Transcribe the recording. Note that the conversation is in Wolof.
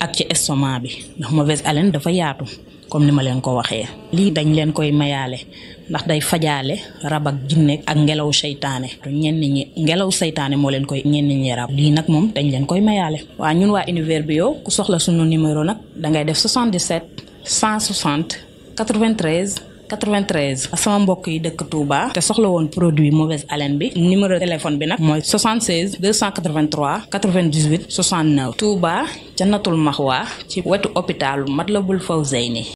ak ci estomac bi ndax mauvaise haleine dafa yaatu comme ni ma leen ko waxee lii dañ leen koy mayaale ndax day fajaale rab ak jinne ak ngelaw seytaane ñenn ñi ngelaw seytaane moo leen koy ñenn ñi rab lii nag moom dañ leen koy mayaale waa ñun waa bi bio ku soxla sunu numéro nag dangay def 77 160 93 93 sama mbokk yi dëkk Touba te soxla woon produit mauvaise haleine bi numéro téléphone bi nag mooy 76 283 98 69 Touba Jannatul Maxwa ci wetu la hôpitalu Matlaboul nii